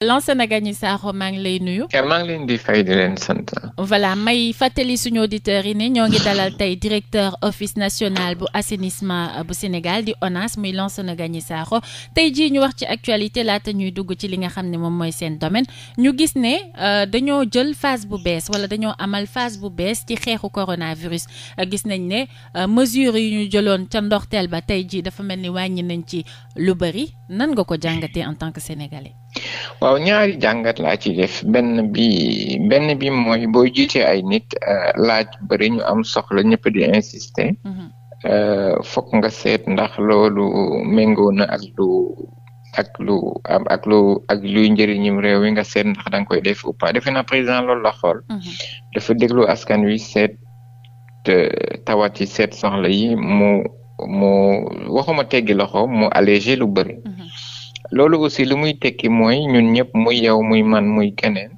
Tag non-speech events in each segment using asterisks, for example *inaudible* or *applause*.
Lansana Gagny Sakho maa ngi lay nuyu. maa voilà may fàttali suñu auditeurs yi ne ñoo ngi dalal tey directeur office nationale bu assainissement bu Sénégal di ONAS muy Lansana Gagny Sakho tey jii ñu wax ci actualité laata ñuy dugg ci li nga xam ne moom mooy seen domaine ñu gis ne euh, dañoo jël phase bu bees wala dañoo amal phase bu bees ci xeexu coronavirus euh, gis nañ ne euh, mesures yi ñu jëloon ca ndoxteel ba tey jii dafa mel ni wàññi nañ ci lu bëri nan nga ko jàngatee en tant que sénégalais. waaw ñaari jàngat laa ci def benn bi benn bi mooy boo jiitee ay nit euh, laaj bari ñu am soxla ñëpp di insister mhm. euh, fok nga seet ndax loolu méngoo na ak lu ak lu am ak lu ak luy njëriñum réew mi nga seet ndax da nga koy def ou pas defe na président loolu la xool mhm. dafa déglu askan wi seet tawat yi seet soxla yi mu mu waxuma teggi loxo mu allégé lu bëri loolu aussi lu muy tekki mooy ñun ñëpp muy yow muy man muy keneen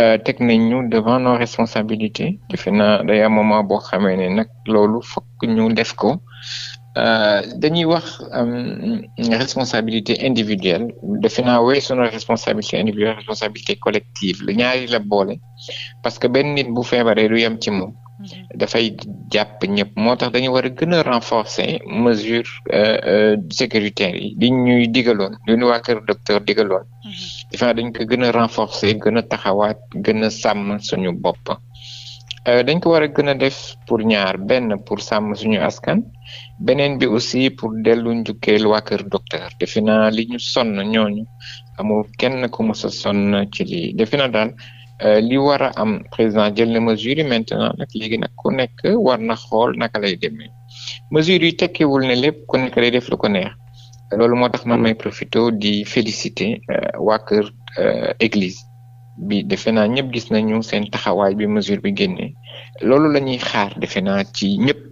euh, teg nañ ñu devant nos responsabilités defe naa day am moment boo xamee ne nag loolu fokk ñu def ko euh, dañuy wax euh, responsabilité individuelle defe naa wéy sunu responsabilité individuelle responsabilité collective la ñaari la boole parce que benn nit bu feebaree du yem ci moom. dafay jàpp ñëpp moo tax dañu war a gën a renforcer mesure euh, euh, sécuritaire yi li ñuy digaloon li waa kër docteur digaloon mm-hmm. defe naa dañ ko gën a renforcer gën a taxawaat gën a sàmm suñu bopp euh, dañ ko war a gën a def pour ñaar benn pour sàmm suñu askan beneen bi aussi pour dellu njukkeel waa kër docteur defe naa li ñu sonn ñooñu amul kenn ku mës sonn ci lii defe naa daal Euh, li war a am président jël na mesure yi maintenant nag léegi nag ku nekk war na xool naka lay demee mesure yi tekkiwul ne lépp ku lay def lu ko neex loolu moo tax na may profité di féliciter euh, waa kër euh, église bi defe naa ñëpp gis nañu seen taxawaay bi mesure bi génnee loolu la ñuy xaar defe naa ci ñëpp.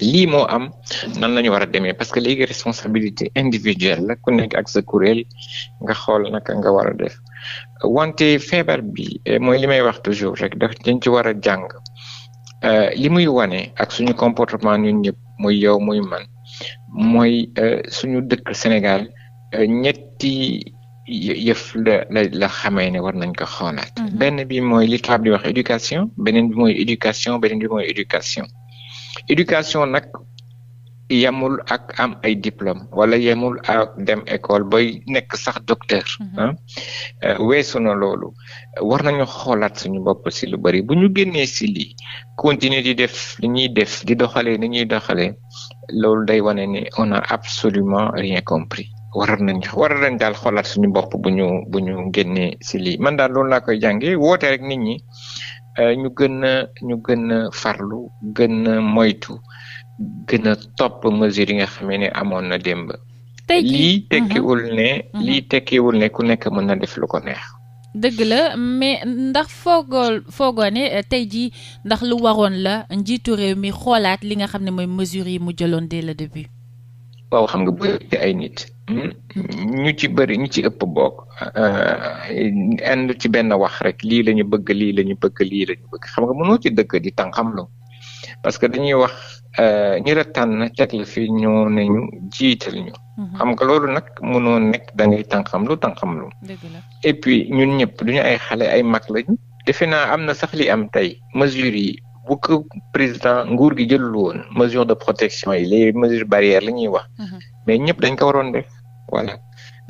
lii moo am nan la ñu war a demee parce que léegi responsabilité individuelle la ku nekk ak sa kuréel nga xool naka nga war a def wante feebar bi eh, mooy li may wax toujours rek daf dañ ci war a jàng euh, li muy wane ak suñu comportement ñun ñëpp muy yow mooy man mooy euh, suñu dëkk Sénégal euh, ñetti yëf la la la xamee ne war nañ ko xoolaat mm-hmm. benn bi mooy li di wax éducation beneen bi mooy éducation beneen bi mooy éducation éducation nag yamul ak am ay diplôme wala yemul ak dem école bay nekk sax docteur mhm. ah. eh, weesu na loolu war nañu xoolaat suñu bopp si lu bari bu ñu génnee si lii continuer di def li ñuy def di doxalee ni ñuy doxalee loolu day wane ni on a absolument rien compris waral nañ waral nañ daal xoolaat suñu bopp bu ñu bu ñu génnee si lii man daal loolu laa koy jàngee woote rek nit ñi Euh, ñu gën a ñu gën a farlu gën a moytu gëna topp mesure yi nga xamee ne amoon na démb lii tekkiwul mhm. ne mhm. lii tekkiwul ne ku nekk mën na def lu ko neex dëgg la mais ndax foogool foogoone euh, tey jii ndax lu waroon la njiitu réew mi xoolaat li nga xam ne mooy mesure yi mu jëloon dès le début waaw xam nga bu ay nit hmm? ñu ci bëri ñu ci ëpp bokk ànd eh, ci benn wax rek lii la ñu bëgg lii la ñu bëgg lii la xam nga mënoo ci dëkk di tàng xam lu parce que dañuy wax eh, ñi la na teg fi ñoo nañu jiital ñu hmm. xam nga loolu nag mënoo nekk da ngay tàng xam lu tàng xam lu et puis ñun ñëpp duñu ay xale ay mag lañu defe naa am na sax li am tey mesure yi bu ko président nguur gi jëlul woon mesure de protection yi les mesures barrières la ñuy wax mhm. mais ñëpp dañ ko waroon def voilà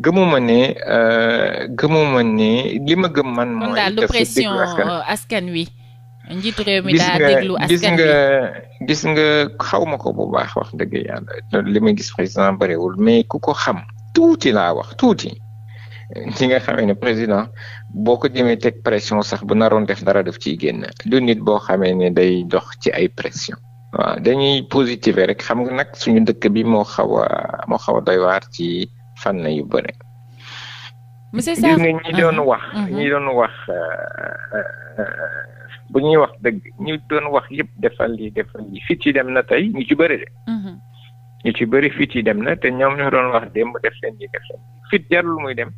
gëmuma ne euh, gëmuma ne li ma gëm man mooy daal du pression askan wi njiitu réew mi daa déglu askan wi gis nga gis xaw ma ko bu baax wax dëgg yàlla li ma gis président barewul mais ku ko xam tuuti la wax tuuti ci nga xamee ne président boo ko jëmee teg pression sax bu naroon def dara def ci génn du nit boo xamee ne day dox ci ay pression dañuy positive rek xam nga nag suñu dëkk bi moo xaw a moo xaw a doy waar ci fan na yu bëre monsieur Sarr nga ñi doon ah, wax ah, ah. ñi wax euh, euh, bu ñuy wax dëgg ñi doon wax yëpp defal li defal li yi dem na tey ñu ci bëri mm-hmm. ñu ci bëri fit yi dem na te ñoom ñoo doon wax démb def leen ñi def leen fit jarul muy dem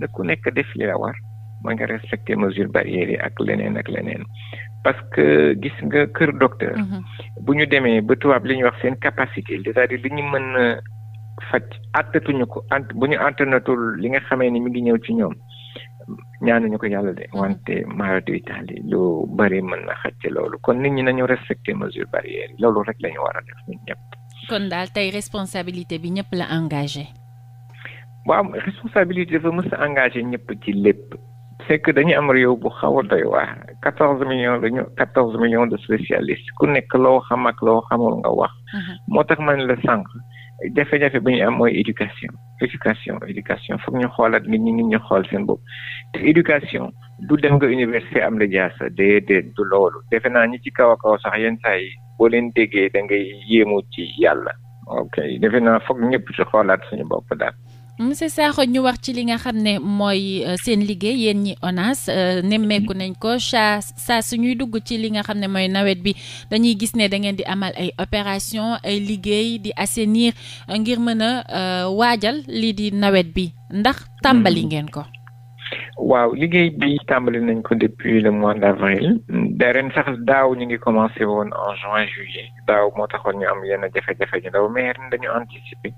ne ku nekk def li la war mooy nga respecter mesures barrières ak leneen ak leneen parce que gis nga kër docteur. Mhm. bu ñu demee ba tubaab li ñuy wax seen capacité c'est-à-dire li ñu mën a faj àttatuñu ko ant bu ñu àttanatul li nga xamee ni mu ngi ñëw ci ñoom ñaanuñu ko yàlla de mhm. wante maaradu itaali lu bëri mën na xaj ci loolu kon nit ñi nañu respecter mesures barrières yi loolu rek la ñu war a def ñun ñëpp. kon daal tey responsabilité bi ñëpp la engagé. waaw responsabilité dafa mës a engagé ñëpp ci lépp c'est que dañu am réew bu xaw a doy waar quatorze millions dañu quatorze millions de spécialistes ku nekk loo xam ak loo xamul nga wax uh-huh. moo tax man la sànq jafe-jafe bi ñu am mooy éducation éducation éducation foog ñu xoolaat nit ñi nit ñu xool seen bopp te éducation du def nga université am la jaasa déedéet du loolu defe naa ñi ci kaw a kaw sax yenn saa yi boo leen déggee da ngay yéemu ci yàlla ok defe naa foog ñëpp ci xoolaat suñu bopp daal monsieur Sakho ñu wax ci li nga xam ne mooy euh, seen liggéey yéen ñi ONAS euh, nemmeeku nañ ko saa saa ñuy dugg ci li nga xam ne mooy nawet bi dañuy gis ne da ngeen di amal ay opération ay liggéey di assainir euh, ngir mën a waajal lii di nawet bi ndax tàmbali ngeen ko. waaw liggéey bi tàmbali nañ ko depuis le mois d' sax daaw ñu ngi commencé woon en juin juillet daaw moo taxoon ñu am yenn jafe-jafe ñu ndaw mais dañu anticiper.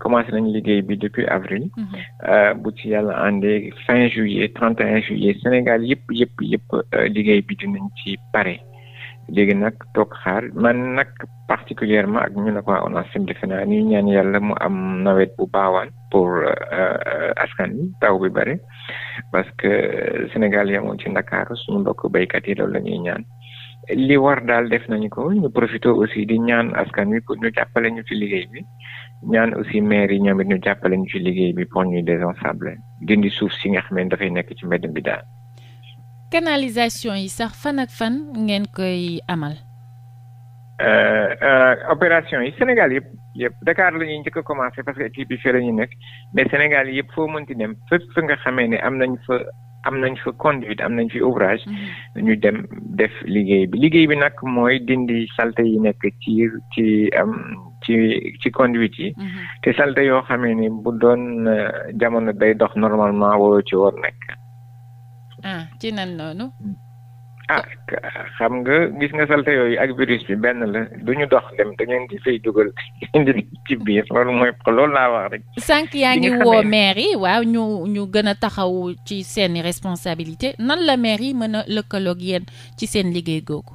commencé nañ liggéey bi depuis avril. Mhm. Euh, bu ci yàlla àndee fin juillet trente et un juillet Sénégal yëpp yëpp yëpp euh, liggéey bi dinañ ci pare. léegi nag toog xaar man nag particulièrement ak ñu nag waa ONACIM defe naa ni ñaan yàlla mu am nawet bu baawaan pour euh, askan wi taw bi bëri parce que Sénégal yamoon ci Ndakaaru suñu mbokk béykat yi loolu la ñaan li war daal def nañu ko ñu profité aussi di ñaan askan wi pour ñu jàppale ñu ci liggéey bi ñaan aussi maire yi ñoom it ñu jàppale ñu ci liggéey bi pour ñuy désensabler dindi suuf si nga xam ne dafay nekk ci mbedd bi daal. canalisation yi sax fan ak fan ngeen koy amal. Euh, euh, opération yi Sénégal yëpp yëpp Dakar la ñuy njëkk a commencé parce que équipe bi fii la ñuy nekk mais Sénégal yëpp foo mënti dem fépp nga xamee ne am nañ fa am nañ fa conduite am nañ fi ouvrage. Mhm. ñu dem def liggéey bi liggéey bi nag mooy dindi salte yi nekk ci ci. Euh, ci ci conduite yi. Mm-hmm. te salte yoo xamee ni bu doon euh, jamono day dox normalement waroo ci war nekk. Ah, ci nan noonu. ah xam nga gis nga salte yooyu ak virus bi benn la du ñu dox dem da di fay dugal *laughs* ci biir loolu mooy loolu laa wax rek. sànq yaa ngi woo maire yi waaw ñu ñu gën a taxaw ci seeni responsabilité nan la maire yi mën a lëkkaloog yéen ci seen liggéey googu.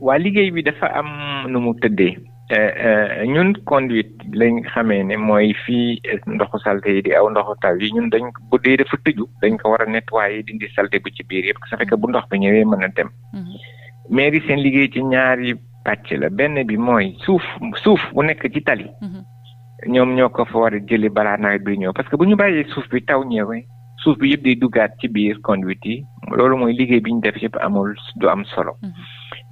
waa liggéey bi dafa am nu mu tëddee. Eh, eh, ñun conduite lañ xamee ne mooy fii ndoxu salte yi di aw ndoxu taw yi ñun dañ bu dee dafa tëju dañ ko war a nettoyer dindi salte bu ci biir yëpp su fekkee bu ndox bi ñëwee mën a dem mhm. mairie seen liggéey ci ñaari pàcc la benn bi mooy suuf suuf bu nekk ci tali mhm. ñoom ñoo ko fa war a jëli balaa nawet bi ñëw parce que bu ñu bàyyee suuf bi taw ñëwee suuf bi yëpp day duggaat ci biir conduite yi loolu mooy liggéey bi ñu def yëpp amul du am solo mhm.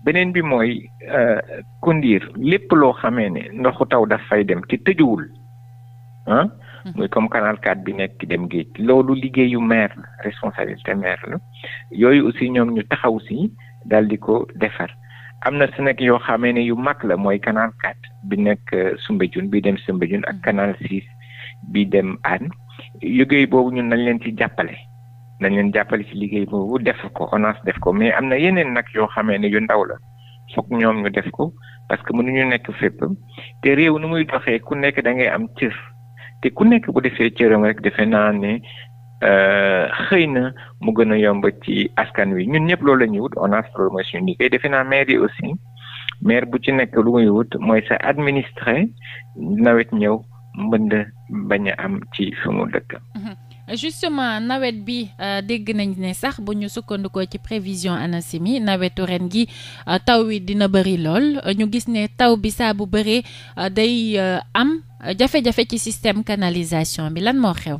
beneen bi mooy euh, kundiir lépp loo xamee ne ndoxu taw daf fay dem te tëjuwul ah. comme canal 4 bi nekk dem géej loolu liggéeyu maire la responsabilité maire la yooyu aussi ñoom ñu taxaw si daal di ko defar am na si nag yoo xamee ne yu mag la mooy canal 4 bi nekk euh, Soumbédioune bi dem Soumbédioune ak mm-hmm. canal 6 bi dem Hann liggéey boobu ñun nañ leen ci jàppale. nañ leen jàppale ci liggéey boobu def ko ONAS def ko mais am na yeneen nag yoo xamee ne yu ndaw la foog ñoom ñu def ko parce que mënuñu nekk fépp te réew nu muy doxee ku nekk da ngay am cër te ku nekk bu defee cëram rek defe naa ne euh, xëy na mu gën a yomb ci askan wi ñun ñëpp loolu la ñuy wut ONAS loolu mooy suñu liggéey defe naa mair yi aussi maire bu ci nekk lu muy wut mooy sa administré nawet ñëw mbënd bañ a am ci fi dëkk. Mhm. justement nawet bi euh, dégg nañ ne sax bu ñu sukkandikoo ci prévision ANACIM yi nawetu ren gi euh, taw wi dina bëri lool ñu gis ne taw bi saa bu bëree euh, day am jafe-jafe ci système canalisation bi lan moo xew.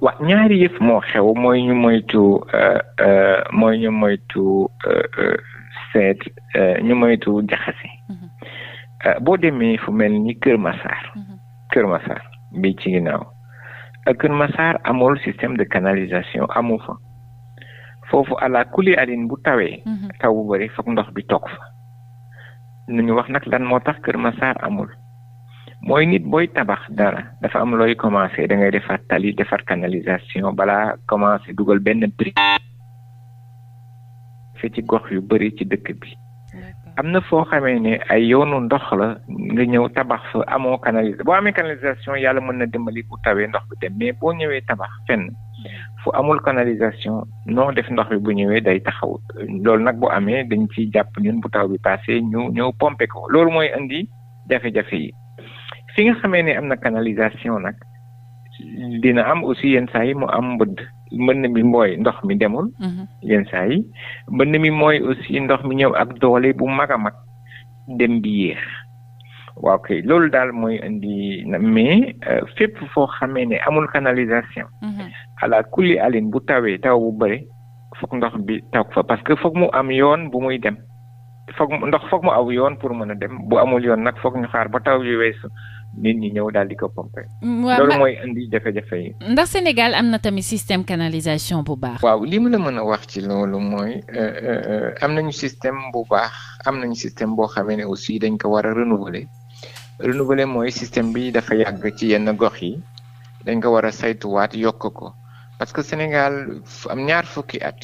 waaw ñaari yëf moo xew mooy ñu moytu mooy ñu moytu seet ñu moytu jaxase mhm. boo demee fu mel ni Kër Massar mhm. Kër Massar bi ci ginnaaw Kër ma saar amul système de canalisation amu fa foofu àla kuli alin bu tawee mhm. taw bu bëri foog ndox bi toog fa nu ñu wax nag lan moo tax Kër Massar amul mooy nit booy tabax dara dafa am looy commencé da ngay defar tali defar canalisation balaa commencé dugal benn brique fi ci gox yu bëri ci dëkk bi am na foo xamee ne ay yoonu ndox la nga ñëw tabax fa amoo canalisation boo amee canalisation yàlla mën na dimbali bu tawee ndox bi dem mais boo ñëwee tabax fenn fu amul canalisation noo def ndox bi bu ñëwee day taxaw loolu nag bu amee dañ ciy jàpp ñun bu taw bi passé ñu ñëw pomper ko loolu mooy indi jafe-jafe yi fi nga xamee ne am na canalisation nag dina am aussi yenn saa yi mu am mbëdd mën na mi mooy ndox mi demul mhm. yenn saa yi mën mi mooy aussi ndox mi ñëw ak doole bu mag a mag dem bi yéex waaw loolu daal mooy indi mais euh, fépp foo xamee ne amul canalisation mhm. ala kulli alin bu tawee taw bu bëri foog ndox bi taw fa parce que foog mu am yoon bu muy dem foog ndox foog mu aw yoon pour mën a dem bu amul yoon nag foog ñu xaar ba taw yu weesu nit ñi ñëw daal di ko pomper. Mm, waaw loolu mooy indi jafe-jafe yi. ndax Sénégal am na tamit système canalisation bu baax. waaw li mu la mën a wax ci loolu mooy euh, euh, euh, am nañu système bu baax am nañu système boo xamee ne aussi dañ ko war a renouveler renouveler mooy système bi dafa yàgg ci yenn gox yi dañ ko war a saytuwaat yokk ko parce que Sénégal am ñaar fukki at.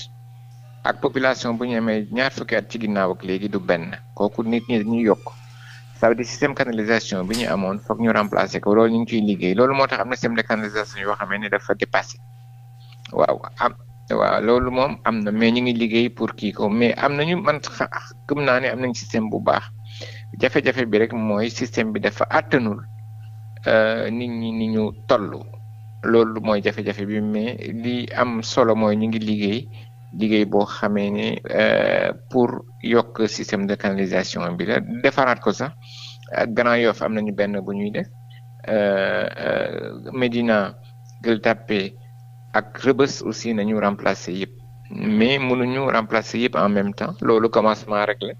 ak population bu ñu amee ñaar fukki at ci ginnaaw ak léegi du benn kooku nit ñi dañuy yokk. ça veut dire système canalisation bi ñu amoon foog ñu remplacer ko loolu ñu ngi ciy liggéey loolu moo tax am na système de canalisation yoo xam ne dafa dépassé waaw am waaw loolu moom am na mais ñu ngi liggéey pour kii ko mais am nañu man gëm naa ne am nañ système bu baax jafe-jafe bi rek mooy système bi dafa àttanul euh, nit ñi ni ñu toll loolu mooy jafe-jafe bi mais li am solo mooy ñu ngi liggéey liggéey boo xamee ne euh, pour yokk système de canalisation bi la defaraat ko sax Grand Yoff am nañu benn bu ñuy def euh, euh, Médina Gueule Tapée ak Rebeuss aussi nañu remplacer yëpp. mais mënuñu remplace yëpp en même temps loolu commencement rek la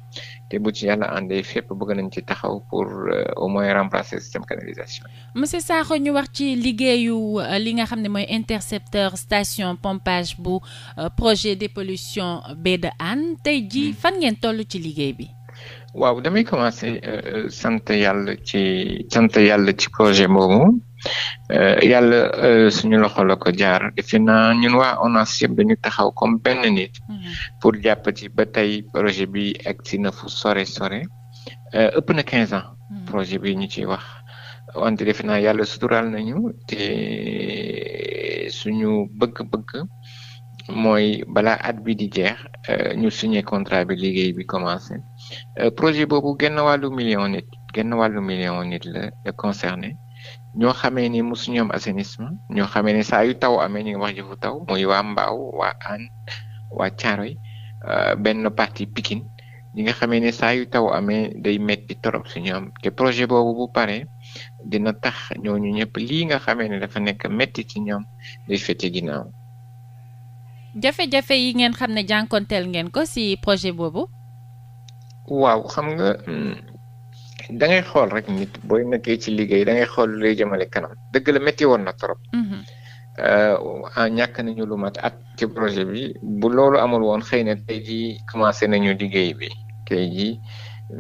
te bu ci yàlla àndee fépp bëgg nañ ci taxaw pour euh, au moins remplacer système canalisation monsieur Sakho ñu wax ci liggéeyu euh, li nga xam ne mooy intercepteur station pompage bu euh, projet dépollution baie de Hann tey ji hmm. fan ngeen toll ci liggéey bi waaw damay commencé euh, sant yàlla ci sant yàlla ci projet boobu euh, yàlla euh, suñu loxo la ko jaar defe na ñun waa ONAS yëpp dañu taxaw comme benn nit mhm. pour jàpp ci ba tey projet bi egg si na fu sore sore ëpp na quinze ans mhm. projet bi ñu ciy wax wante defe na yàlla sutural nañu te suñu bëgg-bëgg mooy bala at bi di jeex euh, ñu signé contrat bi liggéey bi commencé euh, projet boobu genn wàllu million nit genn wàllu million nit la concerné ñoo xamee ni mosu ñoom assainissement ñoo xamee ni saa yu taw amee ñu wax jëfu taw mooy waa Mbaaw waa Hann waa Caaroy euh, benn partie pikin ñi nga xamee ni saa yu taw amee day metti trop si ñoom te projet boobu bu paree dina tax ñooñu ñëpp lii nga xamee ne dafa nekk metti ci ñoom day fete ginnaaw jafe-jafe yi ngeen xam ne jànkonteel ngeen ko ci projet boobu. waaw xam nga hmm, da ngay xool rek nit booy nekkee ci liggéey da ngay xool lu lay jëmale kanam dëgg la métti woon na trop. Mhm. Euh, ñàkk nañu lu mat at ci projet bi bu loolu amul woon xëy na tey jii commencé nañu liggéey bi tey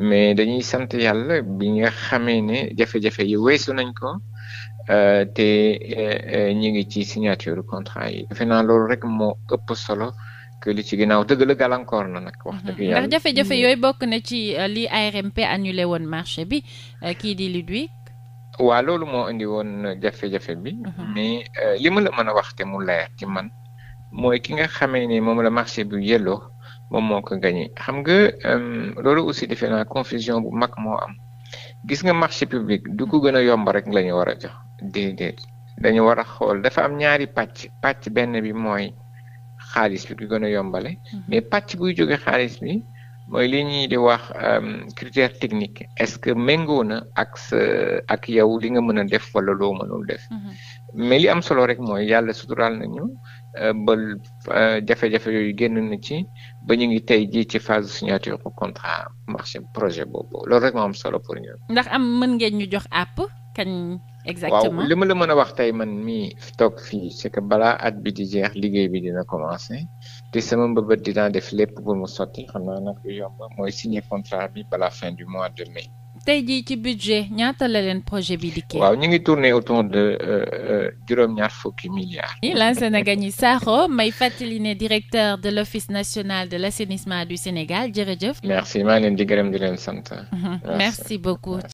mais dañuy sant yàlla bi nga xamee ne jafe-jafe yi weesu nañ ko. Eh, te eh, eh, ñu ngi ci signature contrat yi defe naa loolu rek moo ëpp solo que li ci ginnaaw dëgg la gàllankoor na nag. wax ndax jafe-jafe mm. yooyu bokk na ci li ARMP annulé woon marché bi kii di Ludwig. waa loolu moo indi woon jafe-jafe bi. Uh-huh. mais li ma la mën a wax te mu leer ci man. mooy ki nga xamee ni moom la marché bi yelloo moom moo ko gagné xam nga loolu aussi defe naa confusion bu mag moo am gis nga marché public du ko gën a yomb rek la ñu war a jox déedéet dañu war a xool dafa am ñaari pàcc pàcc benn bi mooy xaalis bi ki kon a yombale mhm. mais pàcc buy jóge xaalis bi mooy li ñuy di wax euh, critère technique est-ce que méngoo na ak sa ak yow li nga mën a def wala loo mënul def mhm. mais li am solo rek mooy yàlla suturaal nañu euh, ba euh, jafe-jafe yooyu génn na ci ba ñu ngi tey jii ci phase signature bu marché projet boobu loolu rek moo am solo pour ñun. ndax am mën ngeen ñu jox àpp kañ. exactement waaw li ma la mën a wax tey man mii toog fii c'est que balaa at bi di jeex liggéey bi dina commencer te sama mbëbët dinaa def lépp ba mu sotti xam naa nag lu yomb mooy signer contrat bi balaa fin du mois de mai. tey ji ci budget ñaata la leen projet bi dikkee. waaw ñu ngi tourné autour de euh, euh, juróom-ñaar fukki milliards. Lansana Gagny Sakho may fàttali directeur de l' office national de l' Sénégal jërëjëf. merci maa ngi leen di gërëm di leen sant. Mhm. merci beaucoup.